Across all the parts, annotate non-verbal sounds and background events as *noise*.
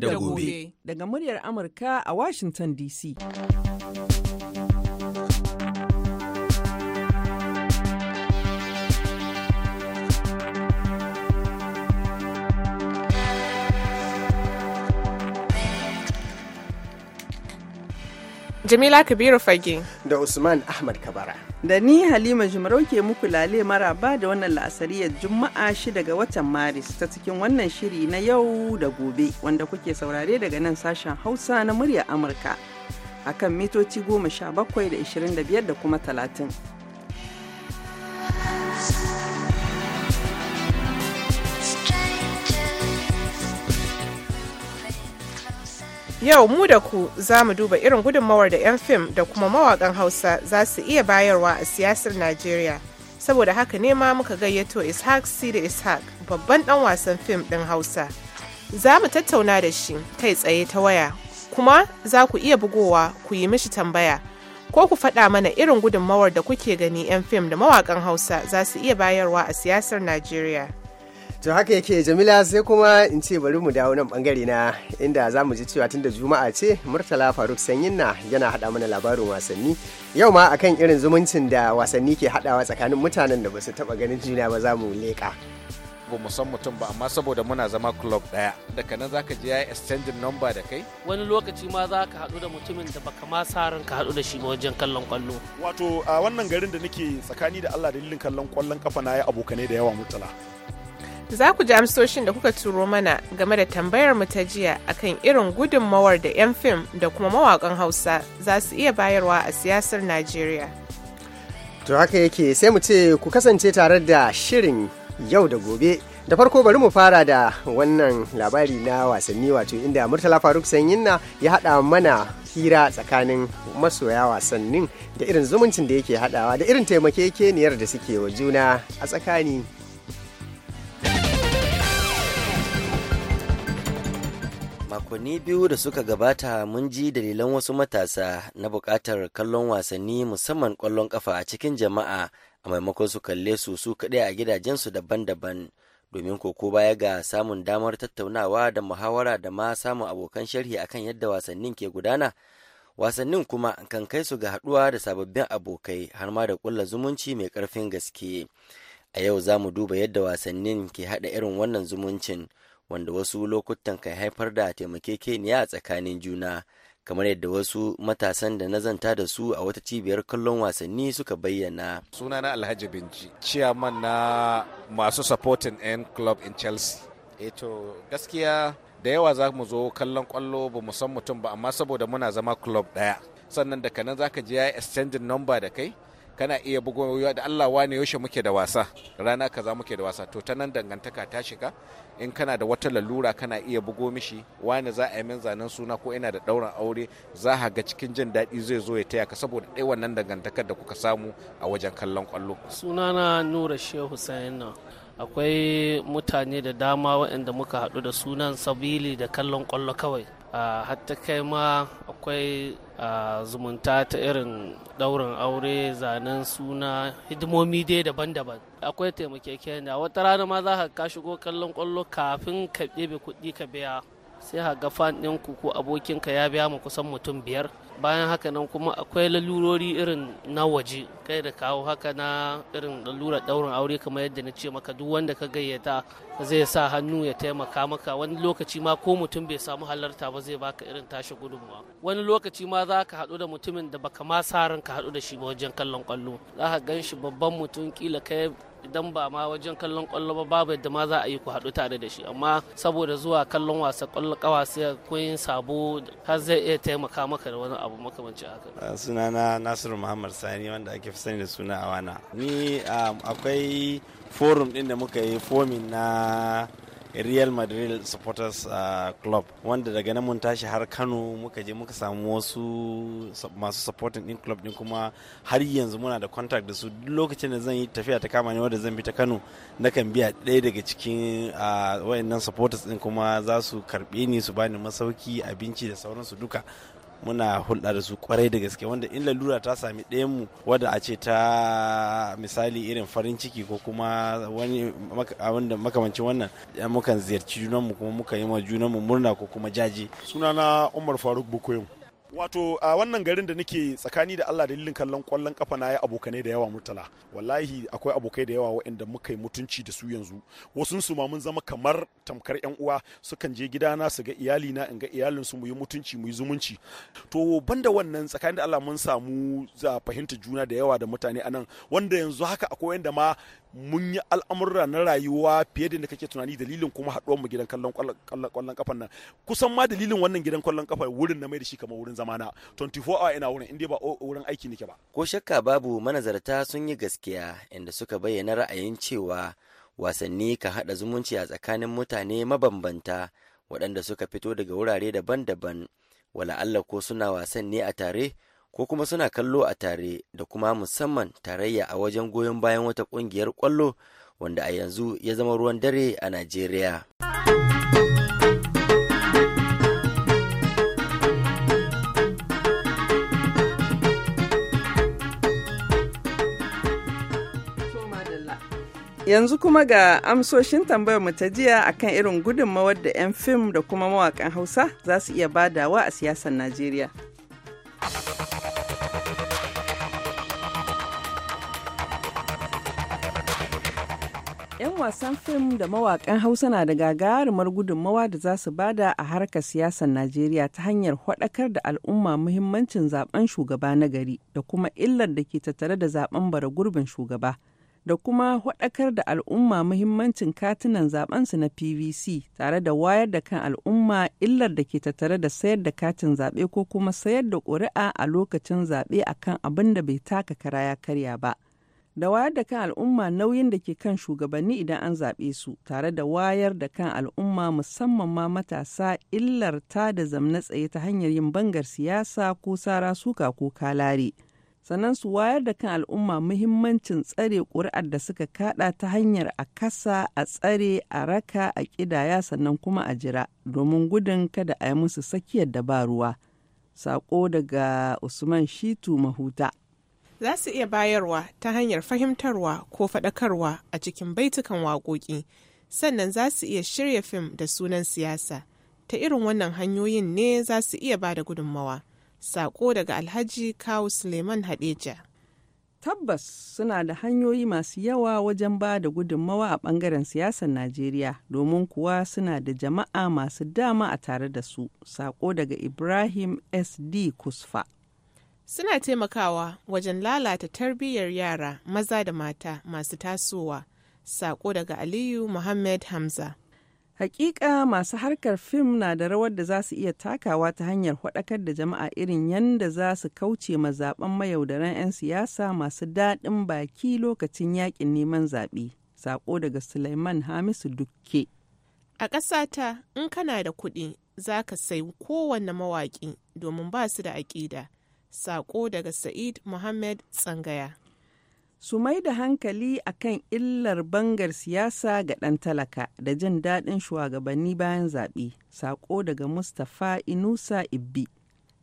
da gobe daga muryar Amurka a Washington DC. Jamila Kabiru Fage da Usman Ahmad Kabara. Da ni Halima Jumarau ke muku lale maraba da wannan la'asariyar Juma'a 6 ga watan Maris ta cikin wannan shiri na yau da gobe wanda kuke saurare daga nan sashen Hausa na murya Amurka. akan mitoci goma sha bakwai da 25 da kuma talatin. Yau mu da ku za mu duba irin gudunmawar da 'yan fim da kuma mawakan Hausa za su iya bayarwa a siyasar Najeriya. Saboda haka ne ma muka gayyato Ishaq Sida Ishaq babban dan wasan fim ɗin Hausa. Za mu tattauna da shi kai tsaye ta waya kuma za ku iya bugowa ku yi mishi tambaya ko ku faɗa mana irin gudunmawar da kuke gani 'yan fim da mawakan Hausa za su iya bayarwa a siyasar Najeriya. to haka yake jamila sai kuma in ce bari mu dawo nan bangare na inda za mu ji cewa tun da juma'a ce murtala faruk sanyin na yana hada mana labarin wasanni yau ma akan irin zumuncin da wasanni ke hadawa tsakanin mutanen da ba su taba ganin juna ba za mu leka ba mu san mutum ba amma saboda muna zama club daya daga nan zaka je ya exchange number da kai wani lokaci ma za ka hadu da mutumin da baka ma sa ran ka hadu da shi ba wajen kallon kwallo wato a wannan garin da nake tsakani da Allah dalilin kallon kwallon kafa na yi abokanai da yawa murtala. Za ku ji amsoshin da kuka turo mana game da tambayar mu ta jiya akan irin gudunmawar da 'yan fim da kuma mawakan Hausa za su iya bayarwa a siyasar Najeriya. To haka yake sai mu ce ku kasance tare da shirin yau da gobe. Da farko bari mu fara da wannan labari na wasanni wato inda Murtala Faruk na ya hada mana hira tsakanin masoya wasannin da irin zumuncin da yake hadawa da irin taimake taimakekeniyar da suke wa juna a tsakani makonni biyu da suka gabata mun ji dalilan wasu matasa na bukatar kallon wasanni musamman kwallon kafa a cikin jama'a a maimakon su kalle su su kaɗai a gidajensu daban-daban domin koko baya ga samun damar tattaunawa da muhawara da ma samun abokan sharhi akan yadda wasannin ke gudana wasannin kuma kan kai su ga haɗuwa da sababbin abokai har ma da kulla zumunci mai ƙarfin gaske a yau za mu duba yadda wasannin ke haɗa irin wannan zumuncin wanda wasu lokutan kan haifar da taimake taimakekeniya a tsakanin juna kamar yadda wasu matasan da na zanta da su a wata cibiyar kallon wasanni suka bayyana. Suna na Alhaji Binji, ciyaman na masu supporting N club in Chelsea. Eto eh gaskiya da yawa za mu zo kallon kwallo ba mu san mutum ba amma saboda muna zama club ɗaya. Sannan daga nan za ka je ya yi exchange number da kai kana iya bugowa da Allah wane yaushe muke da wasa rana kaza muke da wasa to ta nan dangantaka ta shiga in kana da wata lalura kana iya bugo mishi wani za a yi min zanen suna ko ina da ɗaurin aure za a ga cikin jin daɗi zai zo ya taya ka saboda ɗaya wannan dangantakar da kuka samu a wajen kallon ƙwallo. sunana nura shehu sayana akwai mutane da dama waɗanda muka haɗu da sunan sabili da kallon kwallo kawai a ah, hatta kai ma akwai a zumunta ta irin daurin aure zanen suna hidimomi dai daban-daban akwai taimakekeniya wata rana ma za ka ka shigo kallon kwallo kafin ka ɗebe kuɗi ka biya sai ga fan ɗinku ko abokinka ya biya ma kusan mutum biyar bayan haka nan kuma akwai lalurori irin na waje kai da kawo haka na irin lalurar ɗaurin aure kamar yadda na ce maka duk wanda ka gayyata zai sa hannu ya taimaka maka wani lokaci ma ko mutum bai samu halarta ba zai baka irin tashi gudunmawa wani lokaci ma za ka haɗu da mutumin da baka ma sa ran ka haɗu da shi ba wajen kallon kwallo za ka gan shi babban mutum kila kai idan ba ma wajen kallon kwallo ba babu yadda ma za a yi ku haɗu tare da shi amma saboda zuwa kallon wasa kwallo kawasa ko yin sabo har zai iya taimaka maka da wani abu makamancin haka sunana nasiru muhammad sani wanda ake fi sani da suna awana ni ah, akwai forum din da muka yi fomi na real madrid supporters uh, club wanda daga nan mun tashi har kano muka je muka samu wasu masu supporting din club din kuma har yanzu muna da contact da su duk lokacin da zan yi tafiya ta kama ne wanda zan bi ta kano na kan biya ɗaya daga cikin uh, wayannan supporters din kuma za su karɓe ni su bani masauki abinci da sauransu duka muna hulɗa da su kwarai da gaske wanda in lalura ta sami ɗayan mu wadda a ce ta misali irin farin ciki ko kuma wani wanda makamancin wannan mukan ziyarci junanmu kuma muka yi ma junanmu murna ko kuma jaji sunana umar faruk bukoyim wato a wannan garin da nake tsakani da Allah dalilin kallon kwallon kafa na ya abokanai da yawa murtala wallahi akwai abokai da yawa waɗanda muka yi mutunci da su yanzu wasu su mun zama kamar tamkar yan uwa sukan je gidana su ga iyali na in ga iyalin su mu yi mutunci mu yi zumunci to banda wannan tsakani da Allah mun samu za fahimta juna da yawa da mutane anan wanda yanzu haka akwai wanda ma mun yi al'amurra na rayuwa fiye da kake tunani dalilin kuma haɗuwar mu gidan kallon kwallon kafan nan kusan ma dalilin wannan gidan kwallon kafa wurin na mai da shi kamar wurin zamana 24 hour ina wurin inda ba wurin aiki nake ba ko shakka babu manazarta sun yi gaskiya inda suka bayyana ra'ayin cewa wasanni ka haɗa zumunci a tsakanin mutane mabambanta waɗanda suka fito daga wurare daban-daban wala ko suna wasan ne a tare ko kuma suna kallo a tare da kuma musamman tarayya a wajen goyon bayan wata kungiyar kwallo wanda a yanzu ya zama ruwan dare a Najeriya. Yanzu kuma ga amsoshin tambayar mu ta jiya akan irin gudunmawar da 'yan fim da kuma mawakan Hausa za su iya badawa a siyasar Najeriya. 'Yan wasan fim da mawakan Hausa na da gagarumar gudunmawa da za su bada a harkar siyasar Najeriya ta hanyar haɗakar da al'umma muhimmancin zaben shugaba na gari da kuma illar da ke tattare da zaben bara gurbin shugaba. Da kuma haɗakar da al'umma muhimmancin katunan zabensu na PVC tare da wayar da kan al'umma illar da ke tattare da sayar da katin zaɓe ko kuma sayar da ƙuri'a a lokacin zaɓe akan abin da bai taka kara ya karya ba. da wayar da kan al'umma nauyin da ke kan shugabanni idan an zaɓe su tare da wayar da kan al'umma musamman ma matasa illar ta da zamna tsaye ta hanyar yin bangar siyasa ko sara suka ko kalare sannan su wayar da kan al'umma muhimmancin tsare ƙuri'ar da suka kaɗa ta hanyar a kasa a tsare a raka a ƙidaya sannan kuma a jira domin gudun kada a yi musu tsakiyar dabaruwa sako daga usman shitu mahuta za su iya bayarwa ta hanyar fahimtarwa ko faɗakarwa a cikin baitukan waƙoƙi sannan za su iya shirya fim da sunan siyasa ta irin wannan hanyoyin ne za su iya ba da gudunmawa saƙo daga alhaji kawu suleiman hadeja tabbas suna da hanyoyi masu yawa wajen ba da gudunmawa a ɓangaren siyasar najeriya domin kuwa suna da jama'a masu dama a tare da su sako daga ibrahim sd kusfa suna taimakawa wajen lalata tarbiyyar yara maza da mata masu tasowa sako daga aliyu muhammad hamza Hakika masu harkar fim na da rawar da za su iya takawa ta hanyar hudakar da jama'a irin yadda za su kauce ma mayaudaran 'yan siyasa masu daɗin baki lokacin yakin neman zaɓe. Sako daga Suleiman Hamisu Dukke. A ƙasata in kana da kuɗi za ka sai kowanne mawaƙi domin ba su da aƙida. Sako daga Sa'id Muhammad Tsangaya. Su mai da hankali a kan illar bangar siyasa ga ɗan talaka da jin daɗin shugabanni bayan zaɓe. Sako daga Mustapha Inusa Ibbi.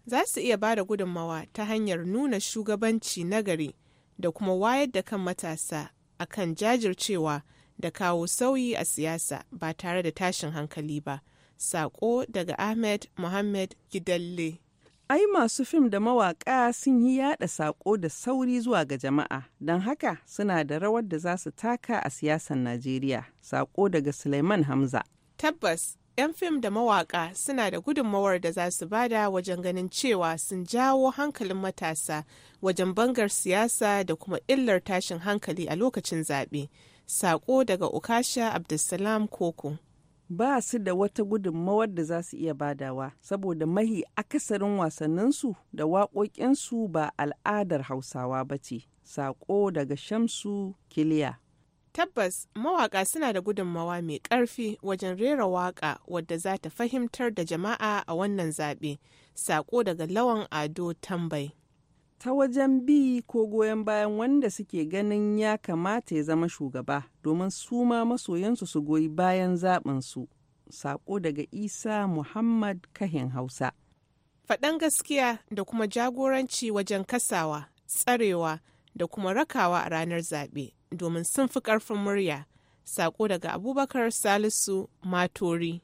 Za su iya ba da gudunmawa ta hanyar nuna shugabanci nagari da kuma wayar da kan matasa a kan jajircewa da kawo sauyi a siyasa ba tare da tashin hankali ba. Sako daga Ahmed Mohammed Gidalle. Ai masu fim da mawaƙa sun yi yaɗa saƙo da sauri zuwa ga jama'a, don haka suna da rawar da za su taka a siyasar Najeriya. Saƙo daga Suleiman Hamza. Tabbas, 'yan fim da mawaƙa suna da gudunmawar da za su bada wajen ganin cewa sun jawo hankalin matasa wajen bangar siyasa da kuma illar tashin hankali a lokacin zaɓe. Saƙo daga Ukasha Abdulsalam Koko. ba su da wata gudunmawar da za su iya badawa saboda mahi akasarin wasanninsu da waƙoƙinsu ba al'adar hausawa ba ce saƙo daga shamsu kiliya tabbas mawaƙa suna da gudunmawa mai ƙarfi wajen rera waƙa wadda za ta fahimtar da jama'a a wannan zaɓe saƙo daga lawan ado tambai ta wajen bi ko goyon bayan wanda suke ganin ya kamata ya zama shugaba domin su ma masoyansu su goyi bayan zaɓinsu. Sako daga Isa Muhammad Kahin Hausa. Faɗan gaskiya da kuma jagoranci wajen kasawa, tsarewa da kuma rakawa a ranar zaɓe domin sun fi ƙarfin murya. Sako daga Abubakar Salisu Matori.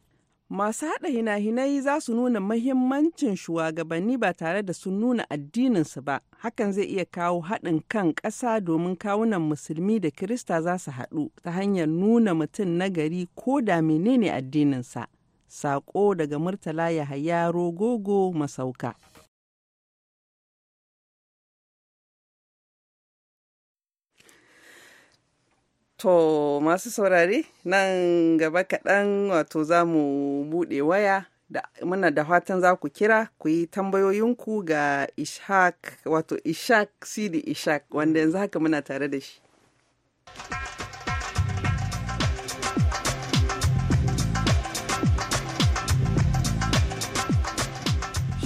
Masu haɗa hina-hinai za su nuna mahimmancin shugabanni ba tare da sun nuna addininsu ba, hakan zai iya kawo haɗin kan ƙasa domin kawunan musulmi da Kirista za su haɗu ta hanyar nuna mutum nagari ko da menene addininsa. Saƙo daga Murtala Yahaya Rogogo Masauka. To masu saurare nan gaba kaɗan wato za mu buɗe waya da muna da fatan za ku kira ku yi tambayoyinku ga Ishak wato Ishak Sidi Ishak wanda yanzu haka muna tare da shi.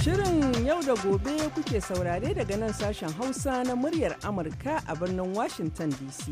Shirin yau da gobe kuke saurare daga nan sashen Hausa na muryar Amurka a birnin Washington DC.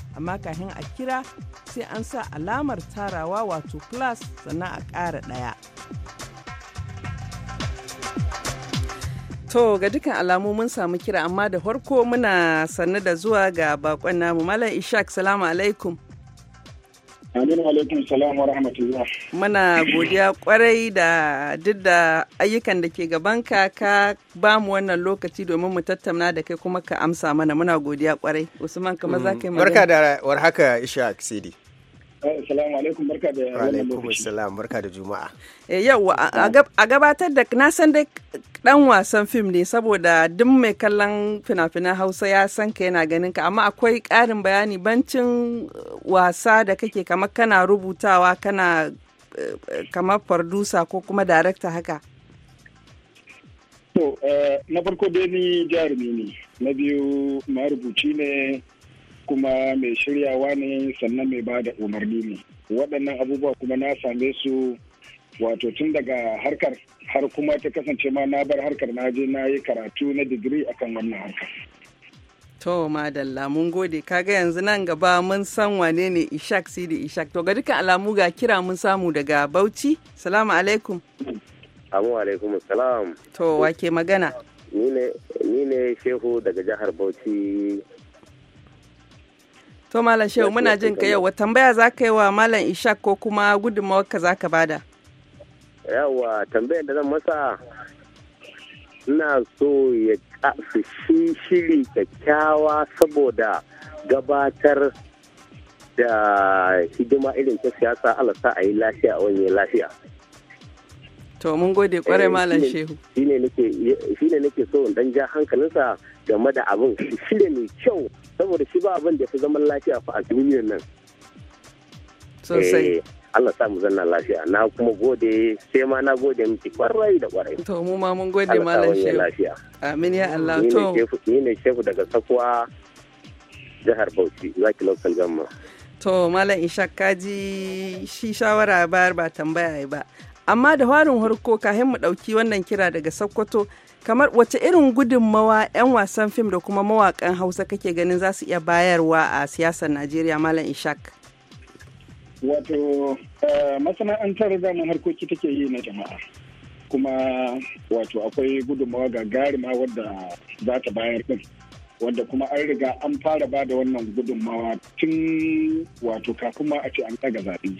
amma kafin a kira sai an sa alamar tarawa wato plus sannan a ƙara ɗaya. To ga dukkan alamu mun samu kira amma da farko muna sannu da zuwa ga bakon namu Malam Ishak salamu alaikum. Aminu Muna godiya kwarai da duk da ayyukan da ke gaban ka ba mu wannan lokaci domin mu tattauna da kai kuma ka amsa mana muna godiya kwarai. Usman kamar za ka yi Barka da warhaka Isha Aksidi. Assalamu alaikum barka da alaikum assalam barka da juma'a. Eh, Yau a gabatar da na san dai dan wasan fim ne saboda duk mai kallon fina-finan Hausa ya san ka yana ganin ka amma akwai ƙarin bayani bancin uh, wasa da kake kamar kana rubutawa kana uh, uh, kamar fardusa ko kuma darakta haka. To eh, na farko dai ni jarumi ne na biyu marubuci ne kuma mai shiryawa ne sannan mai ba da umarni ne waɗannan abubuwa kuma na same su wato tun daga harkar har kuma ta kasance ma na bar harkar na je na yi karatu na digiri akan wannan harkar To madalla mun gode kaga yanzu nan gaba mun san wane ne Ishak Sidi Ishak to ga duka alamu ga kira mun samu daga Bauchi salamu alaikum Amu alaikum salam To wake magana Ni ne Shehu daga jihar Bauchi To Malam Shehu muna jin ka yau tambaya za ka yi wa Malam Ishak ko kuma gudunmawar ka za ka bada. Yawa tambayar da zan masa ina so ya su shi shiri kyakkyawa saboda gabatar da hidima irin ta siyasa alasa a yi lafiya a wani lafiya. To mun gode kwarai eh, malam Shehu. Shine nake so dan ja hankalinsa game da abin shirya mai kyau saboda shi ba abin da fi zaman lafiya fa a duniyar nan. Sosai. Eh, Allah samu zanna lafiya na kuma gode sai ma na gode miki kwarai da kwarai. To mu ma mun gode malam Shehu. Amin ya Allah to. Ni ne Shehu daga Sakwa jihar Bauchi zaki lokal gamma. To malam Ishak kaji shi shawara bayar ba tambaya ba. amma da warin harko kahin mu ɗauki wannan kira daga Sokoto kamar wace irin gudunmawa 'yan wasan fim da kuma mawakan Hausa kake ganin za su iya bayarwa a siyasar Najeriya Malam Ishak. Wato eh, masana'antar zaman harkoki take yi na jama'a. kuma wato akwai gudunmawa garima wadda za ta bayar din wadda kuma an riga an fara ba da wannan gudunmawa tun wato kafin ma a ce an ɗaga zaɓe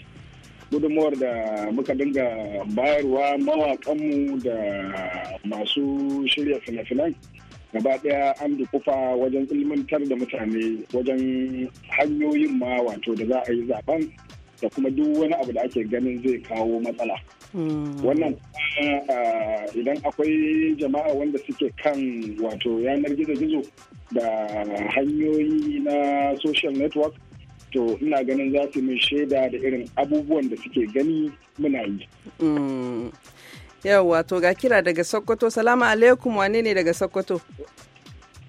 gudunmuwar da muka dinga bayarwa mawaƙanmu da masu shirya fina finai gaba daya an kufa wajen ilmantar da mutane wajen hanyoyin ma wato da za a yi zaben da kuma duk wani abu da ake ganin zai kawo matsala hmm. wannan idan akwai jama'a wanda suke kan wato yanar gizo-gizo da hanyoyi na social network to ina ganin za su min shaida da irin abubuwan da suke gani muna yi. Mm. Yawwa to ga kira daga Sokoto, salamu alaikum wane ne daga Sokoto?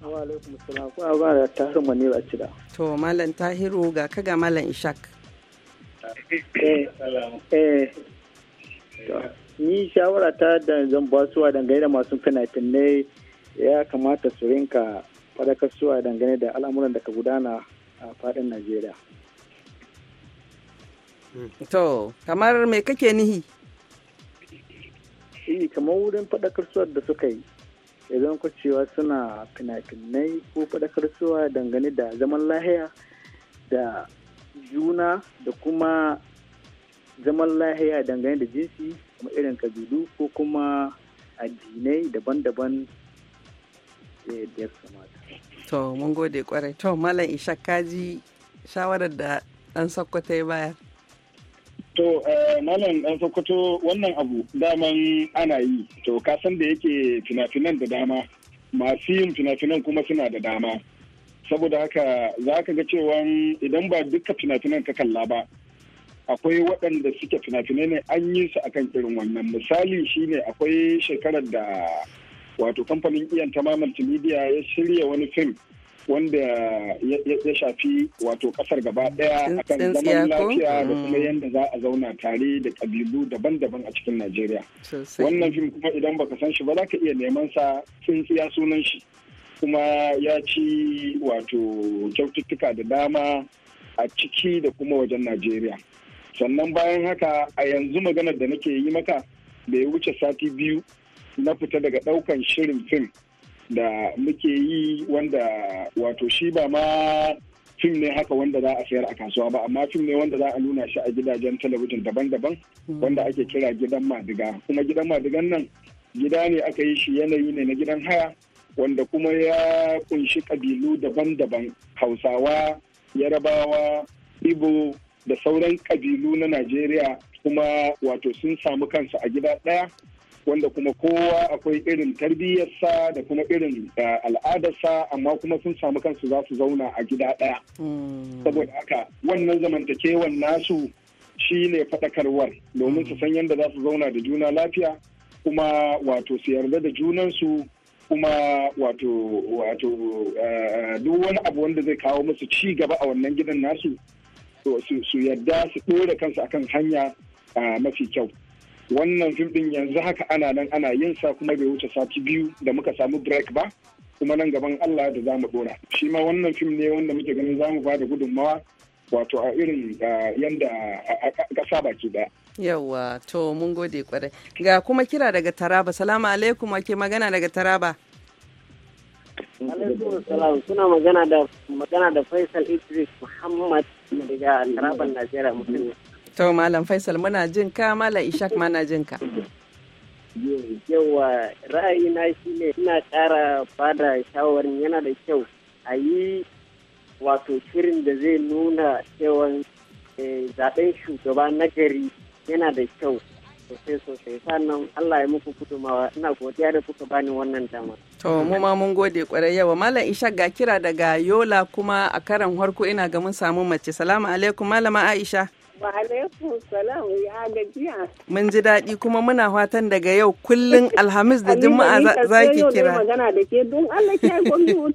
Wa alaikum salam, ko ba da tahiru mani ba cida. To malam tahiru ga kaga malam Ishak. Eh, eh. ni shawara ta da zan suwa dangane da masu fina ne ya kamata su rinka suwa dangane da al'amuran da ka gudana a fadin Najeriya. To, kamar me kake nihi? Shi kamar wurin faɗakarsuwar da suka yi, idan ku cewa suna fina-finai ko faɗakarsuwa dangane da zaman lahiya da juna da kuma zaman lahiya dangane da jinsi kuma irin kabilu ko kuma addinai daban-daban da ya kamata. To, mun gode kwarai. To, Malam Ishak kaji shawarar da ɗan Sokoto ya bayar. To, eh, Malam ɗan Sokoto wannan abu daman ana yi, to kasan da yake fina-finan da dama, masu yin fina-finan kuma suna da dama. Saboda haka za ka ga cewa idan ba duka fina-finan ka kalla ba, akwai waɗanda suke fina-finai ne an yi su akan irin wannan. Misali shine akwai shekarar da wato kamfanin iyan ta multimedia ya shirya wani fim. wanda ya shafi wato kasar gaba daya akan zaman lafiya da kuma mm. yadda za a zauna tare da kabilu daban-daban a cikin Najeriya. Wannan fim kuma idan baka san shi ba za ka iya neman sa tsintsiya sunan shi. Kuma ya ci wato kyaututtuka da dama a ciki da kuma wajen Najeriya. Sannan bayan haka a yanzu maganar da nake yi maka bai wuce sati biyu na fita daga daukan shirin fim da muke yi wanda wato shi ba ma fim ne haka wanda za a sayar a kasuwa ba amma fim ne wanda za a nuna shi a gidajen talabijin daban-daban hmm. wanda ake kira gidan madiga kuma gidan madigan nan gida ne aka yi shi yanayi ne na gidan haya wanda kuma ya kunshi kabilu daban-daban hausawa yarabawa ibo da sauran kabilu na najeriya kuma wato sun samu kansu a gida ɗaya wanda kuma kowa akwai irin tarbiyyarsa da kuma irin eh, al'adarsa amma kuma sun samu kansu za su zauna a gida ɗaya. Hmm. Saboda haka wannan zamantakewan nasu shi ne faɗakarwar domin su san hmm. yadda za su zauna da juna lafiya kuma wato su yarda da junansu kuma wato wato eh, duk wani abu wanda zai kawo musu ci gaba a wannan gidan nasu su yarda su ɗora kansu akan hanya eh, mafi kyau. wannan fim din yanzu haka ana nan ana yin sa kuma bai wuce sati biyu da muka samu break ba kuma nan gaban Allah da zamu dora shi ma wannan fim ne wanda muke ganin zamu ba da gudunmawa wato a irin yanda kasa baki da. yawa to mun gode kwarai ga kuma kira daga Taraba salamu alaikum ake magana daga Taraba alaikum salam suna magana da magana da Faisal Idris Muhammad daga Taraba Najeriya mutum To Malam Faisal muna jin ka Malam Ishak mana jin ka. Yawa na shi ne ina ƙara bada shawarin yana da kyau a yi wato shirin da zai nuna cewa eh, zaɓen shugaba na gari yana da kyau sosai sosai sannan Allah ya muku gudumawa ina godiya da kuka bani wannan dama. To mu ma mun gode kwarai yawa Malam ishak ga kira daga Yola kuma a karan farko ina ga mun samu mace. Salamu alaikum Malama Aisha. Mun ji daɗi kuma muna fatan daga yau kullum Alhamis da Juma'a za ki kira. Allah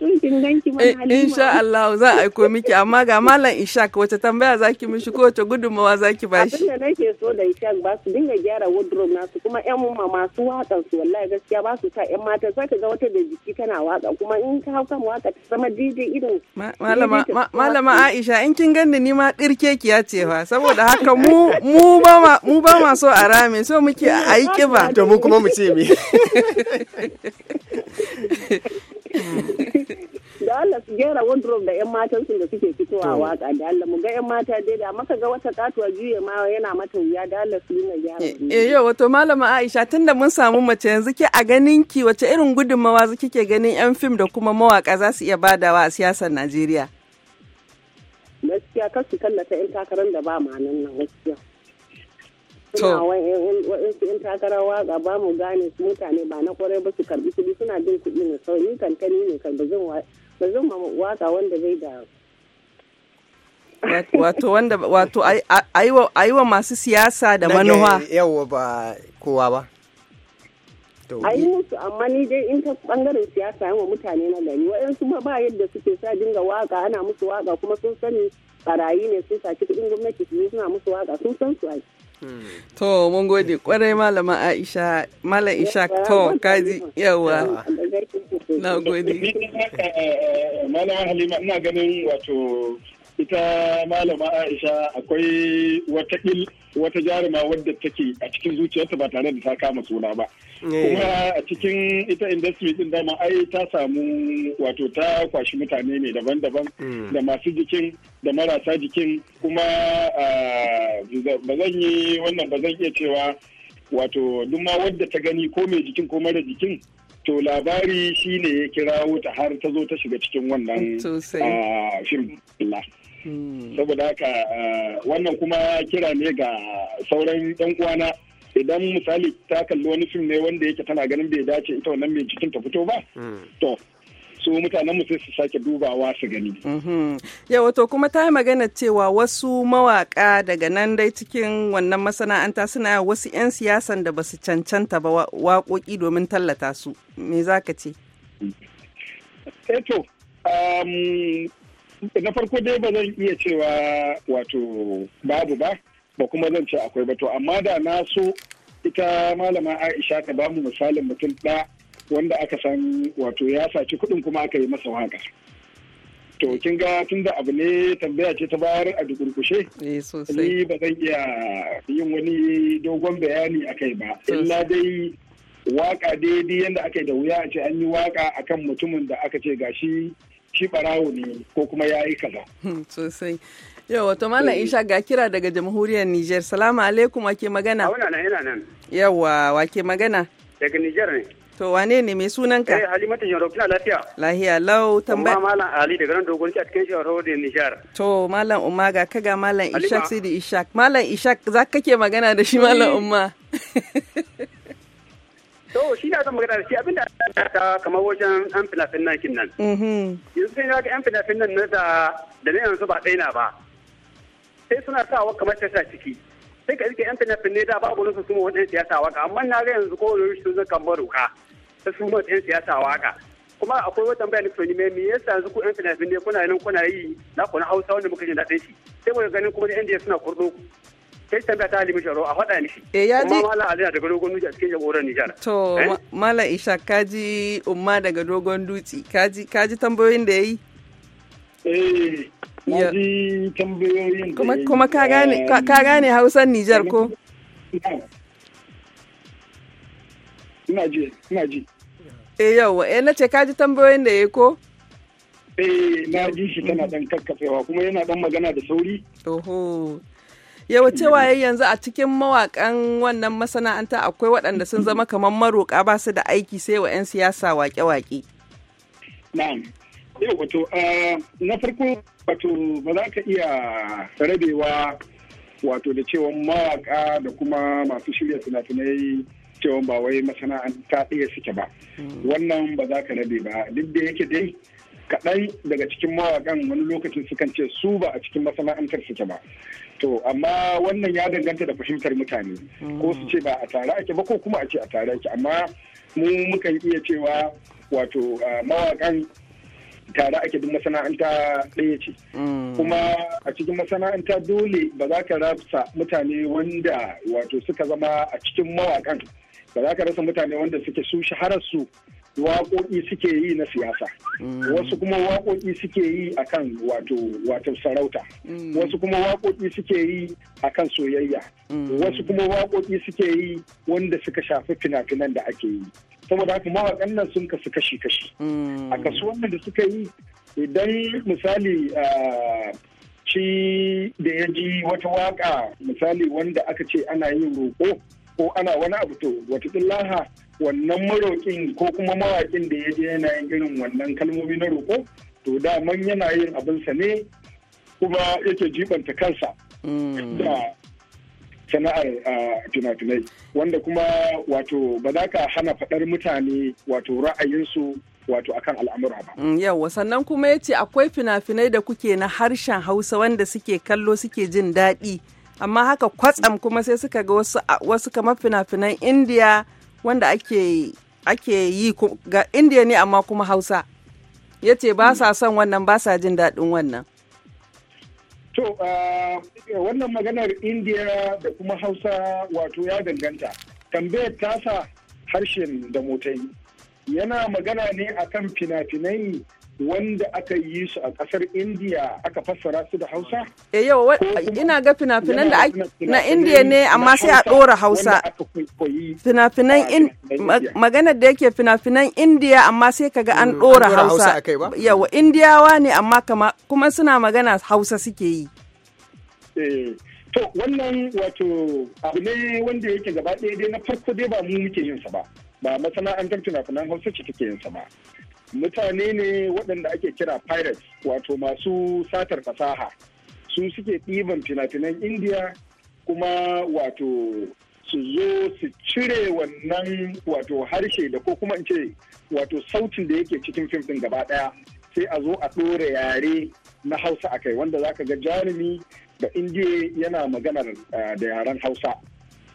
*laughs* eh, Insha Allah za a aiko miki amma ga Malam Ishak wace tambaya za ki mishi ko wace gudunmawa za ki bashi. Abin da nake so da Ishak ba su dinga gyara wardrobe nasu kuma ƴan mama masu waƙan su wallahi gaskiya ba su sa ƴan mata za ka ga wata da jiki tana waƙa kuma in ka hau kan waƙa ta zama daidai irin. Malama Aisha in kin ganni ni ma ɗirkekiya ce fa saboda saboda haka mu ba ma so a rami so muke a yi kiba to mu kuma mu ce me da Allah su gera wardrobe da yan matan su da suke fitowa waka da Allah mu ga yan mata dai da maka ga wata katuwa juye ma yana mata wuya da Allah su yana gyara eh, eh yo wato malama Aisha tunda mun samu mace yanzu ke a ganin ki wace irin gudunmawa kike ganin yan fim da kuma mawaka za su iya badawa a siyasar Najeriya gaskiya kar su tallata 'yan takarar da ba ma nan nan gaskiya. Suna wa'yansu 'yan takarar waka ba mu gane su mutane ba na kwarai ba su karbi su suna bin kuɗi ne sauri kankani ne kan ba zan waka wanda zai da wato wanda wato aiwa masu siyasa da manuwa yawa ba kowa ba a yi musu amma ni dai in ta bangaren siyasa yawa mutane na gani waɗansu ma ba yadda suke sa dinga waka ana musu waka kuma sun sani barayi ne sai saci kuɗin gwamnati su suna musu waka sun san su ai to mun gode kwarai malama aisha malam isha to kaji yawa na gode eh, mana halima ina ganin wato ita malama aisha akwai wata wata jaruma wadda take a cikin zuciyarta ba tare da ta kama suna ba eh. kuma a cikin ita industry din dama ai ta samu wato ta kwashi mutane ne daban-daban hmm. da masu jikin da marasa jikin kuma ba zan yi wannan ba zan iya cewa wato duk ma wadda ta gani ko mai jikin ko mara jikin to labari shine ya kirawo ta har ta zo ta shiga cikin wannan fim. Hmm. saboda haka ah, wannan kuma kira ne ga sauran yan uwana idan misali ta kalli wani fim ne wanda yake tana ganin bai dace ita wannan mai cikin ta fito ba hmm. to su mutanen mu sai su sake dubawa su gani. Hmm. Yawa to kuma ta yi magana cewa wasu mawaka daga nan dai cikin wannan masana'anta suna wasu 'yan siyasan da basu cancanta ba waƙoƙi domin tallata su. Me za ka ce? Eto, eh na farko dai ba zan iya cewa wato babu ba ba kuma zan ce akwai ba to amma da na so ita malama aisha ta ba mu misalin mutum ɗa wanda aka san wato ya saci kuɗin kuma aka yi masa waka to kin ga tun da abu ne tambaya ce ta bayar a dukurkushe eh, ni ba zan iya yin wani dogon bayani a kai ba illa dai waka daidai yadda aka yi da wuya a ce an yi waka akan mutumin da aka ce gashi shi barawo ne ko kuma ya yi kaza. Hmm, sosai. Yawa, to mana eh. Isha ga kira daga jamhuriyar Nijar. Salamu alaikum wake magana. A wannan ina nan. Yawa, wake magana. Daga Nijar ne. To wane ne mai sunan ka? Eh Halimatu Jaro kina lafiya. Lahiya lau tambaya. Kuma Malam Ali daga nan dogon a cikin Jaro da Nijar. To Malam Umma ga kaga Malam Ishak sai da Ishak. Malam Ishak za kake magana da shi Malam eh. Umma. *laughs* to shi na zama gada da shi abinda ta kamar wajen yan finafin nan kin mhm. nan yanzu sai ga yan finafin nan na da da na yanzu ba tsaina ba sai suna sa wa kamar ta ciki sai ka rike yan finafin ne da a nasu su ma wadansu siyasa waka amma na ga yanzu wani rushe sun kan maruka ta su ma yan siyasa waka kuma akwai wata bayan da tsoni mai me sa yanzu ku yan finafin ne kuna yi nan kuna yi na kuna hausa wanda muka yi na ɗaya shi sai mu ganin kuma da yan suna kurɗo sai tambaya ta a faɗa mishi eh, ya ji a cikin Nijar to eh? mala isha kaji umma daga dogon dutse kaji kaji tambayoyin da ya eh kuma ka gane Hausan Nijar ko ina ji ina ji eh yawa eh kaji tambayoyin da ya ko eh na ji shi tana dan kakkafewa kuma yana dan magana da sauri oho Yawa cewa yanzu a cikin mawakan wannan masana'anta akwai waɗanda sun zama kamar maroƙa ba su da aiki sai wa 'yan siyasa wake-wake. Na'am. Yau wato eh, na farko wato ba za ka iya rabewa wato da cewa mawaƙa da kuma masu shirya fina-finai cewa ba wai masana'anta ɗaya suke ba. Hmm. Wannan ba za ka rabe ba duk da yake dai kaɗan daga cikin mawaƙan wani lokacin sukan ce su ba a cikin masana'antar suke ba to amma wannan ya danganta da fahimtar mutane ko su ce ba a tare ake ba ko kuma a ce a tare ake amma mu mukan iya cewa wato mawaƙan tare ake duk masana'anta ɗaya ce mm. kuma a cikin masana'anta dole ba za ka rasa mutane wanda wato suka zama a cikin mawaƙan ba za ka rasa mutane wanda suke su shahararsu su waƙoƙi suke yi na siyasa mm. wasu kuma waƙoƙi suke yi akan wato wato sarauta mm. wasu kuma waƙoƙi suke yi akan soyayya mm. wasu kuma waƙoƙi suke yi wanda suka shafi fina-finan da ake yi saboda haka mawaƙan nan sun kasu kashi-kashi a kasuwan da suka yi idan misali shi da ya ji wata waƙa misali wanda aka ce ana yin roƙo ko ana wani abu to wata wannan maroƙin ko kuma mawaƙin da ya je yana yin irin wannan kalmomi na roƙo to daman yana yin abinsa ne kuma yake jibanta kansa mm. da sana'ar fina-finai wanda kuma wato ba za ka hana faɗar mutane wato ra'ayinsu wato akan al'amura ba. Mm, Yawwa sannan kuma ya ce akwai fina-finai da kuke na harshen Hausa wanda suke kallo suke jin daɗi amma haka kwatsam kuma sai suka ga wasu kamar fina-finan Indiya wanda ake yi ga indiya ne amma kuma hausa ya ce ba sa hmm. son wannan ba sa jin daɗin wannan to ah, wannan maganar indiya da kuma hausa wato ya danganta tambayar tasa harshen da motai yana magana ne akan fina-finai wanda aka yi su a kasar indiya aka fassara su da hausa e yau ina ga fina-finan da na indiya ne amma sai a ɗora hausa fina-finan maganar da yake fina-finan indiya amma sai ka ga an mm, ɗora hausa yawa indiyawa ne amma kuma suna magana hausa suke yi eh, to wannan wato abu ne wanda yake gaba ɗaya dai na farko dai ba mu muke yin sa ba ba masana'antar fina-finan hausa ce take yin sa ba mutane ne waɗanda ake kira pirates wato masu satar fasaha su suke ɗiban fina-finan indiya kuma wato su zo su cire wannan wato harshe da ko kuma ce wato sautin da yake cikin fim ɗin gaba ɗaya sai a zo a ɗora yare na hausa a kai wanda za ka ga jarumi da indiya yana maganar eh, da yaren hausa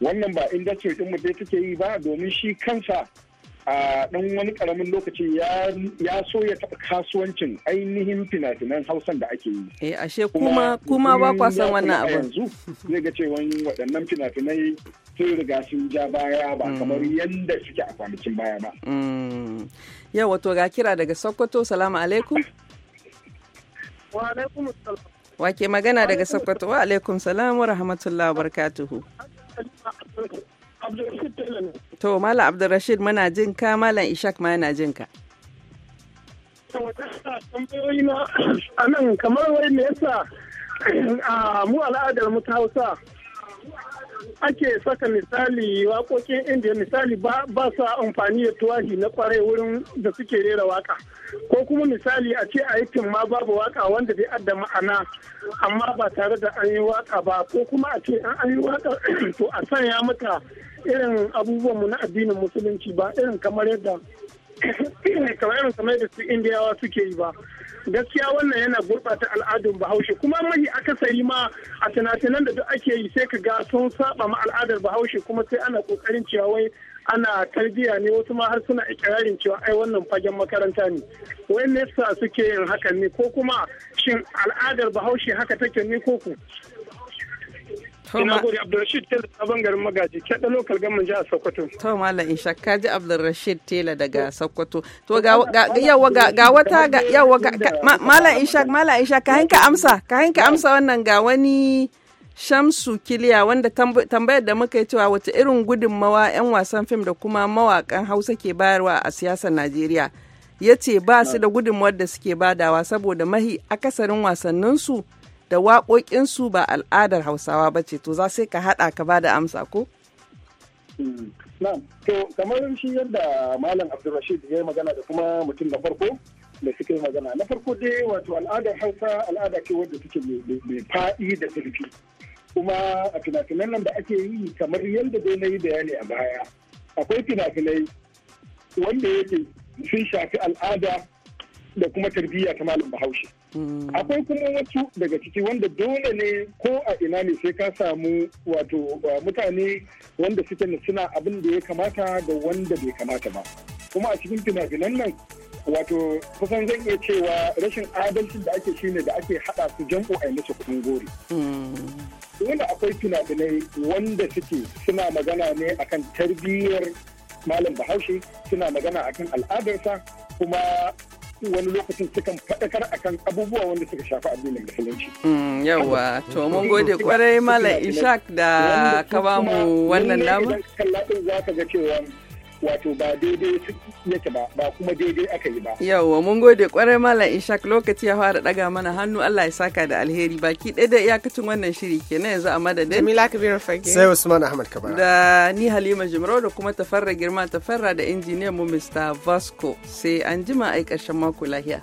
wannan ba industry ɗin mu dai take yi ba domin shi kansa a ɗan wani ƙaramin lokaci ya so ya taɓa kasuwancin ainihin fina-finan hausan da ake yi. Eh ashe kuma ba kwa san wannan abu. Yanzu zai ga cewa waɗannan fina-finai sun riga sun ja baya ba mm. kamar yadda suke a kwanakin baya ba. Mm. Yau wato ga kira daga Sokoto salamu alaikum. Wa alaikum salam. Wake magana daga Sokoto wa alaikum salam wa rahmatullahi wa barakatuhu. To, Malam Abdulrashid muna jin ka, Malam Ishak ma yana jin ka. a nan kamar wai me yasa mu al'adar mu ta Hausa ake saka misali waƙoƙin indiya misali ba su amfani da tuwahi na kwarai wurin da suke rera waka ko kuma misali a ce a yi ma babu waka wanda bai adda ma'ana amma ba tare da an yi waka ba ko kuma a ce an yi waka *clears throat* to a sanya mata irin abubuwanmu na addinin musulunci ba irin kamar yadda *clears throat* kamar irin kamar su indiyawa suke yi ba gaskiya wannan yana gurɓata al'adun bahaushe kuma mahi akasari ma a tunatunan da duk ake yi sai ka ga sun saba ma al'adar bahaushe kuma sai ana kokarin cewa wai ana tarbiyya ne wasu ma har suna ikirarin cewa ai wannan fagen makaranta ne wai ne suke yin hakan ne ko kuma shin al'adar bahaushe haka take ne ko ku Ina Abdul Abdulrashid Tela ta bangaren magaji kyaɗa lokal gaman jihar Sokoto. To Malam Ishak ka ji Abdulrashid Tela daga Sokoto. To ga yawa ga wata ga yawa ga Malam Ishak Malam Ishak ka hinka amsa ka hinka amsa wannan ga wani Shamsu Kiliya wanda tambayar da muka yi cewa wace irin gudunmawa 'yan wasan fim da kuma mawakan Hausa ke bayarwa a siyasar Najeriya. ya ce ba su da gudunmawar da suke badawa saboda mahi akasarin wasanninsu da waƙoƙinsu ba al'adar hausawa ba ce to za sai ka haɗa ka ba da amsa ko? Hmm, to kamar shi yadda malam abdulrashid ya yi magana da kuma mutum na farko da suka magana na farko dai wato al'adar hausa al'ada ce wadda take mai faɗi da zurfi kuma a fina nan da ake yi kamar yadda dai na yi bayani a baya akwai fina-finai wanda yake sun shafi al'ada da kuma tarbiyya ta malam bahaushe hmm. akwai kuma wasu daga ciki wanda dole ne ko a ina ne sai ka samu wato uh, mutane wanda suke suna abin da ya kamata da wanda bai kamata ba kuma a cikin fina-finan nan wato kusan zan iya cewa rashin adalcin da ake shine da ake hada su jam'u a yanzu kudin gori hmm. dole akwai fina wanda suke suna magana ne akan tarbiyyar malam bahaushe suna magana akan al'adarsa kuma su wani lokacin sukan faɗakar akan abubuwa wanda suka shafi addinin musulunci. Hmm, Yawwa, to mun gode kwarai Malam Ishak da ka ba mu wannan damar. Kalla za ka ga cewa wato ba daidai yake ba ba kuma daidai aka yi ba. Yawwa mun gode kwarai Malam Ishak lokaci ya fara daga mana hannu Allah ya saka da alheri baki ɗaya da iyakacin wannan shiri kenan yanzu a madadin. Jamila Kabiru Fage. Sai Usman Ahmad Kabara. Da ni Halima Jimrau da kuma tafarra girma tafarra da injiniyan mu Mr. Vasco sai an jima ai ƙarshen mako lahiya.